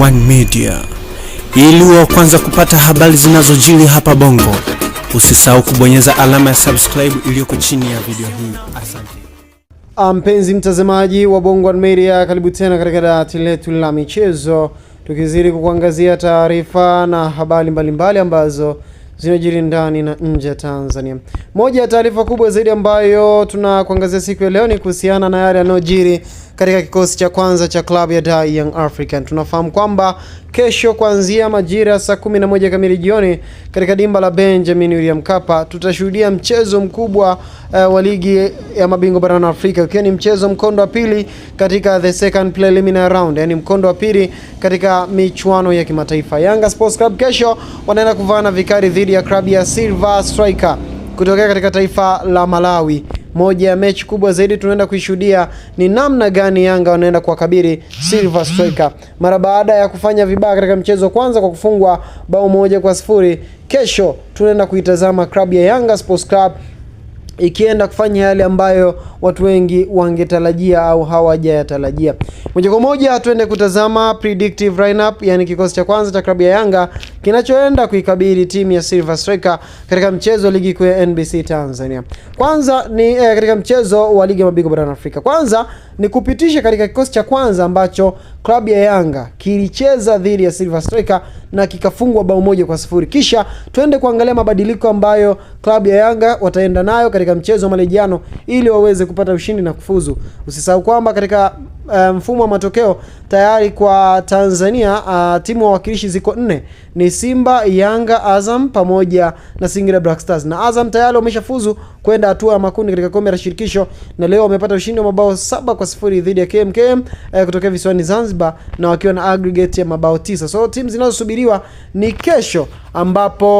One Media, ili wa kwanza kupata habari zinazojiri hapa Bongo. Usisahau kubonyeza alama ya subscribe iliyoko chini ya video hii. Asante ah, mpenzi mtazamaji wa Bongo One Media, karibu tena katika dawati letu la michezo, tukizidi kukuangazia taarifa na habari mbalimbali ambazo zinajiri ndani na nje ya Tanzania. Moja ya taarifa kubwa zaidi ambayo tunakuangazia siku ya leo ni kuhusiana na yale yanayojiri katika kikosi cha kwanza cha klabu ya Dar Young African. Tunafahamu kwamba kesho kuanzia majira ya saa 11 kamili jioni katika dimba la Benjamin William Mkapa tutashuhudia mchezo mkubwa uh, wa ligi ya mabingwa barani Afrika ukiwa ni mchezo mkondo wa pili katika the second preliminary round, yani mkondo wa pili katika michuano ya kimataifa. Yanga Sports Club kesho wanaenda kuvana vikari dhidi ya klabu ya Silver Striker kutokea katika taifa la Malawi. Moja ya mechi kubwa zaidi tunaenda kuishuhudia ni namna gani Yanga wanaenda kuwakabili Silver Strikers mara baada ya kufanya vibaya katika mchezo kwanza kwa kufungwa bao moja kwa sifuri. Kesho tunaenda kuitazama klabu ya Yanga Sports Club ikienda kufanya yale ambayo watu wengi wangetarajia au hawajayatarajia. Moja kwa moja tuende kutazama predictive lineup, yani kikosi cha kwanza cha klabu ya Yanga kinachoenda kuikabili timu ya Silver Striker katika mchezo wa ligi kuu ya NBC Tanzania. Kwanza ni eh, katika mchezo wa ligi ya mabingwa barani Afrika. Kwanza Nikupitishe katika kikosi cha kwanza ambacho klabu ya Yanga kilicheza dhidi ya Silver Striker na kikafungwa bao moja kwa sifuri. Kisha twende kuangalia mabadiliko ambayo klabu ya Yanga wataenda nayo katika mchezo wa marejiano ili waweze kupata ushindi na kufuzu. Usisahau kwamba katika eh, mfumo um, wa matokeo tayari kwa Tanzania uh, timu wakilishi ziko nne ni Simba, Yanga, Azam pamoja na Singida Black Stars, na Azam tayari wameshafuzu kwenda hatua ya makundi katika kombe la shirikisho na leo wamepata ushindi wa mabao saba kwa kwa sifuri dhidi ya KMKM eh, kutokea visiwani Zanzibar na wakiwa na aggregate ya mabao tisa. So timu zinazosubiriwa ni kesho ambapo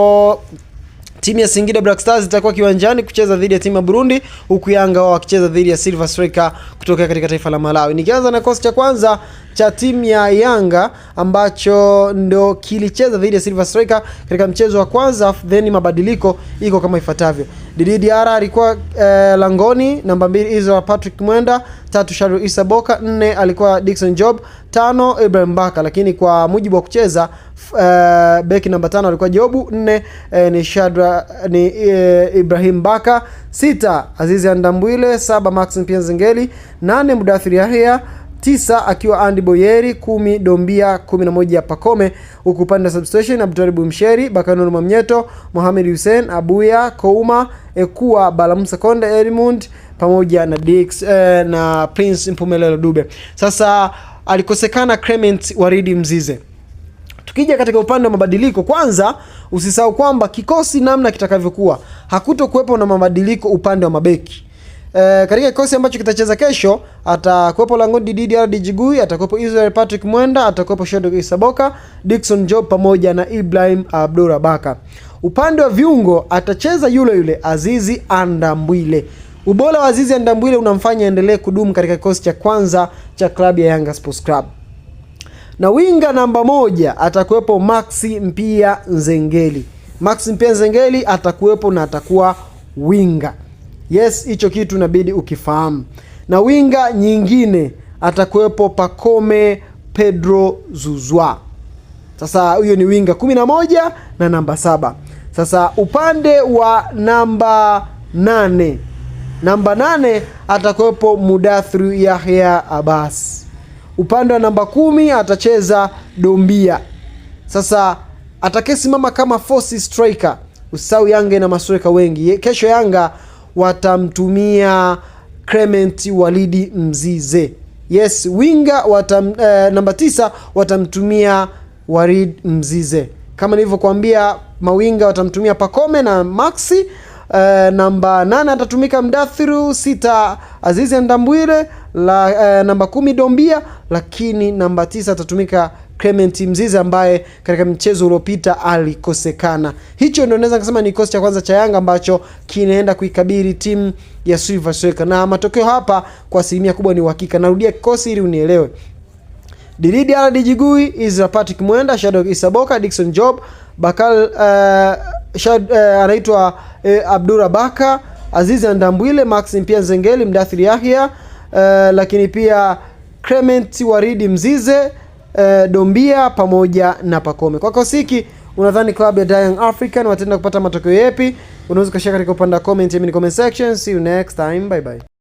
Timu ya Singida Black Stars itakuwa kiwanjani kucheza dhidi ya timu ya Burundi huku Yanga wao wakicheza dhidi ya Silver Strikers kutoka katika taifa la Malawi. Nikianza na kosi cha kwanza cha timu ya Yanga ambacho ndo kilicheza dhidi ya Silver Strikers katika mchezo wa kwanza, then mabadiliko iko kama ifuatavyo: Didi Diara alikuwa eh, langoni. Namba mbili Israel Patrick Mwenda, tatu Sharu Isa Boka, nne alikuwa Dickson Job, tano Ibrahim Baka, lakini kwa mujibu wa kucheza uh, beki namba tano alikuwa Jobu, nne eh, ni Shadra ni eh, Ibrahim Baka, sita Azizi Andambwile, saba Max Zingeli, nane Mudathiri Yahya tisa akiwa Andy Boyeri, kumi Dombia, kumi na moja Pakome, huku upande wa substation Abdutaribu Msheri, Bakanuru Mamnyeto, Mohamed Hussein, Abuya Kouma, Ekua Balamusa Konde, Edmund pamoja na Dix, eh, na Prince Mpumelelo Dube. Sasa alikosekana Clement Waridi Mzize. Tukija katika upande wa mabadiliko, kwanza usisahau kwamba kikosi namna kitakavyokuwa hakutokuwepo na mabadiliko upande wa mabeki. E, katika kikosi ambacho kitacheza kesho atakuwepo Langoni Didier Djigui, atakuwepo Israel Patrick Mwenda, atakuwepo Shadow Isaboka, Dickson Job pamoja na Ibrahim Abdurabaka. Upande wa viungo atacheza yule yule Azizi Andambwile. Ubora wa Azizi Andambwile unamfanya endelee kudumu katika kikosi cha kwanza cha klabu ya Yanga Sports Club na winga namba moja atakuwepo Maxi Mpia Nzengeli. Maxi Mpia Nzengeli atakuwepo na atakuwa winga. Yes, hicho kitu inabidi ukifahamu. Na winga nyingine atakuwepo Pacome Pedro Zuzwa. Sasa huyo ni winga kumi na namba saba. Sasa upande wa namba nane, namba nane atakuwepo Mudathri Yahya Abbas upande wa namba kumi atacheza Dombia. Sasa atakayesimama kama force striker, usau Yanga ina masweka wengi. Kesho Yanga watamtumia Clement Walidi Mzize. Yes, winga watam, eh, namba tisa watamtumia Walid Mzize. Kama nilivyokuambia, mawinga watamtumia Pakome na Maxi uh, namba nane atatumika Mdathiru, sita Azizi Ndambwile la, uh, namba kumi Dombia, lakini namba tisa atatumika Clement Mzize ambaye katika mchezo uliopita alikosekana. Hicho ndio naweza kusema ni kikosi cha kwanza cha Yanga ambacho kinaenda kuikabili timu ya Silver Strikers, na matokeo hapa kwa asilimia kubwa ni uhakika. Narudia kikosi ili unielewe: Dilidi Ala Dijigui, Isra Patrick Mwenda, Shadow Isaboka, Dickson Job, Bakal uh, eh, anaitwa eh, Abdurabaka Azizi Andambwile, Max Mpia Nzengeli, Mdathiri Yahya eh, lakini pia Clement Waridi Mzize eh, Dombia pamoja na Pakome. Kwa kosiki unadhani klabu ya Young African wataenda kupata matokeo yapi? Unaweza ukashia katika upande wa comment, comment section. See you next time, bye bye.